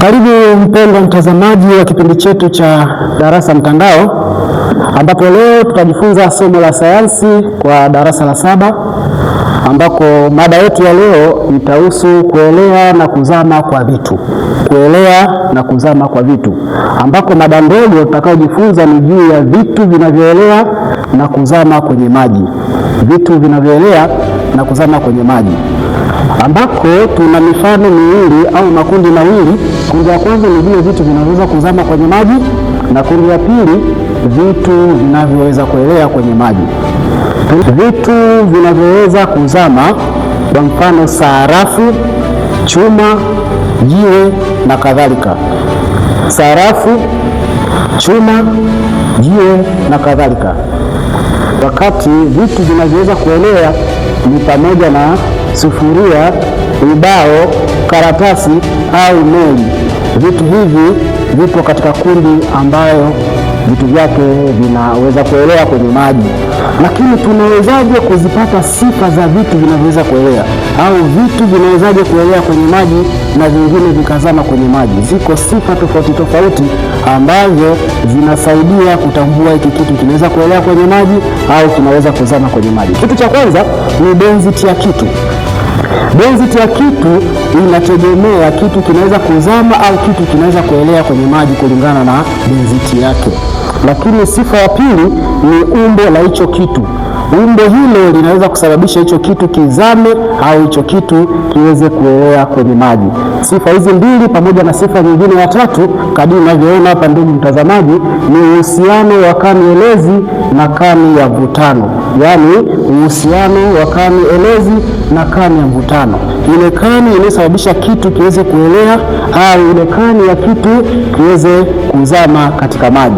Karibu mpendwa mtazamaji wa kipindi chetu cha darasa mtandao, ambapo leo tutajifunza somo la sayansi kwa darasa la saba, ambako mada yetu ya leo itahusu kuelea na kuzama kwa vitu, kuelea na kuzama kwa vitu, ambako mada ndogo tutakayojifunza ni juu ya vitu vinavyoelea na kuzama kwenye maji, vitu vinavyoelea na kuzama kwenye maji ambako tuna mifano miwili au makundi mawili. Kundi la kwanza ni vile vitu vinavyoweza kuzama kwenye maji, na kundi la pili vitu vinavyoweza kuelea kwenye maji. Vitu vinavyoweza kuzama, kwa mfano sarafu, chuma, jiwe na kadhalika. Sarafu, chuma, jiwe na kadhalika, wakati vitu vinavyoweza kuelea ni pamoja na sufuria, ubao, karatasi au meli. Vitu hivi vipo katika kundi ambayo vitu vyake vinaweza kuelea kwenye maji, lakini tunawezaje kuzipata sifa za vitu vinavyoweza kuelea au vitu vinawezaje kuelea kwenye maji na vingine vikazama kwenye maji? Ziko sifa tofauti tofauti ambazo zinasaidia kutambua hiki kitu kinaweza kuelea kwenye maji au kinaweza kuzama kwenye maji. Kitu cha kwanza ni density ya kitu. Density ya kitu inategemea, kitu kinaweza kuzama au kitu kinaweza kuelea kwenye maji kulingana na density yake. Lakini sifa ya pili ni umbo la hicho kitu umbo hilo linaweza kusababisha hicho kitu kizame au hicho kitu kiweze kuelea kwenye maji. Sifa hizi mbili pamoja na sifa nyingine ya tatu, kadiri unavyoona hapa, ndugu mtazamaji, ni uhusiano wa kani elezi na kani ya mvutano, yaani uhusiano wa kani elezi na kani ya mvutano. Ile kani inayosababisha kitu kiweze kuelea au ile kani ya kitu kiweze kuzama katika maji.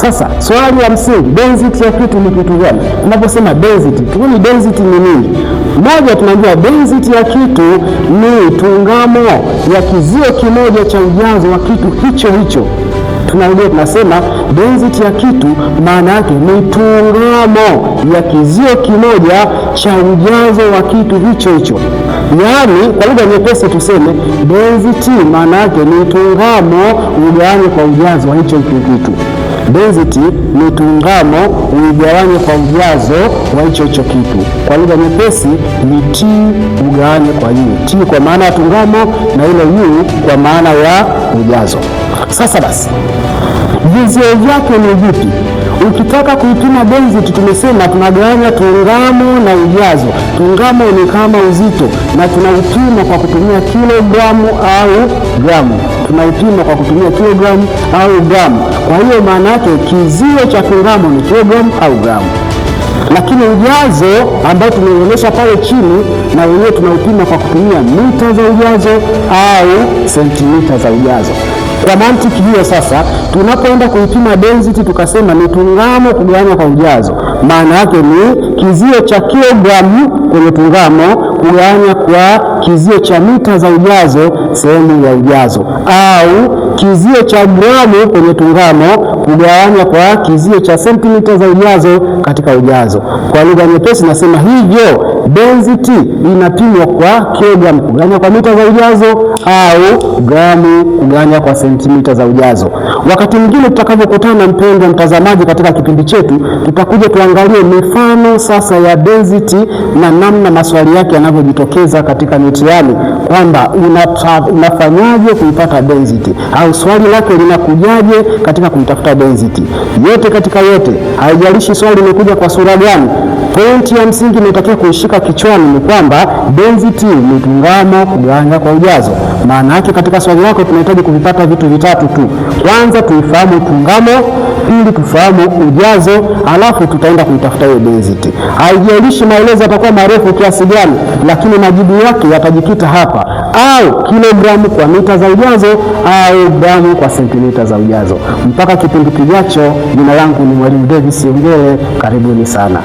Sasa swali la msingi, density ya kitu ni kitu gani? Unaposema density, tuoni density ni nini? Moja, tunajua density ya kitu ni tungamo ya kizio kimoja cha ujazo wa kitu hicho hicho. Tunaongea tunasema density ya kitu maana yake ni tungamo ya kizio kimoja cha ujazo wa kitu hicho hicho. Yaani, kwa lugha nyepesi tuseme density maana yake ni tungamo ugawanywe kwa ujazo wa hicho hicho kitu. Density ni tungamo uigawanye kwa ujazo wa hicho hicho kitu. Kwa lugha nyepesi ni t ugawanye kwa u, t kwa maana ya tungamo na ile u kwa maana ya ujazo. Sasa basi vizio vyake ni vipi? ukitaka kuipima density tumesema tunagawanya tungamo na ujazo. Tungamo ni kama uzito, na tunaupima kwa kutumia kilogramu au gramu tunaipima kwa kutumia kilogramu au gramu. Kwa hiyo maana yake kizio cha tungamo ni kilogramu au gramu, lakini ujazo ambao tumeionyesha pale chini, na wenyewe tunaupima kwa kutumia mita za ujazo au sentimita za ujazo. Kwa mantiki hiyo sasa, tunapoenda kuipima density tukasema ni tungamo kugawanywa kwa ujazo, maana yake ni kizio cha kilogramu kwenye tungamo kugawanywa kwa kizio cha mita za ujazo sehemu ya ujazo, au kizio cha gramu kwenye tungamo kugawanywa kwa kizio cha sentimita za ujazo katika ujazo. Kwa lugha nyepesi nasema hivyo Density inapimwa kwa kilogramu kuganya kwa mita za ujazo au gramu kuganya kwa sentimita za ujazo. Wakati mwingine tutakavyokutana, mpendwa mtazamaji, katika kipindi chetu tutakuja tuangalie mifano sasa ya density na namna maswali yake yanavyojitokeza katika mitihani, kwamba unafanyaje kuipata density au swali lake linakujaje katika kuitafuta density. Yote katika yote, haijalishi swali limekuja kwa sura gani, pointi ya msingi inatakiwa kuishika kuweka kichwani ni kwamba density ni tungamo kugawanywa kwa ujazo. Maana yake katika swali lako tunahitaji kuvipata vitu vitatu tu. Kwanza tuifahamu tungamo, pili tufahamu ujazo, alafu tutaenda kuitafuta hiyo density. Haijalishi maelezo yatakuwa marefu kiasi gani, lakini majibu yake yatajikita hapa, au kilogramu kwa mita za ujazo au gramu kwa sentimita za ujazo. Mpaka kipindi kijacho, jina langu ni Mwalimu Davis Ongele, karibuni sana.